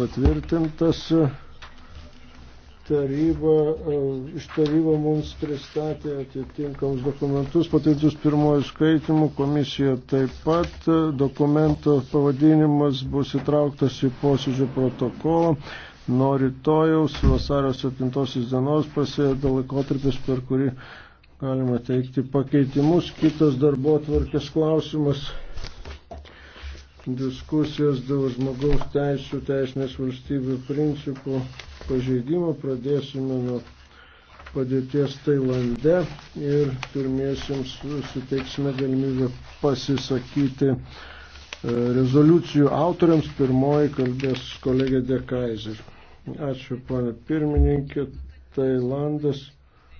patvirtintas. Taryba, e, iš taryba mums pristatė atitinkamus dokumentus, patvirtintus pirmojų skaitimų, komisija taip pat, dokumento pavadinimas bus įtrauktas į posėdžio protokolą. Nuo rytojaus vasario 7 dienos prasideda laikotarpis, per kurį galima teikti pakeitimus. Kitas darbo tvarkės klausimas diskusijas dėl žmogaus teisų, teisinės valstybių principų pažeidimo. Pradėsime nuo padėties Tailande ir pirmiesiems suteiksime galimybę pasisakyti e, rezoliucijų autoriams. Pirmoji kalbės kolegė De Kaiser. Ačiū, pane pirmininkė. Tailandas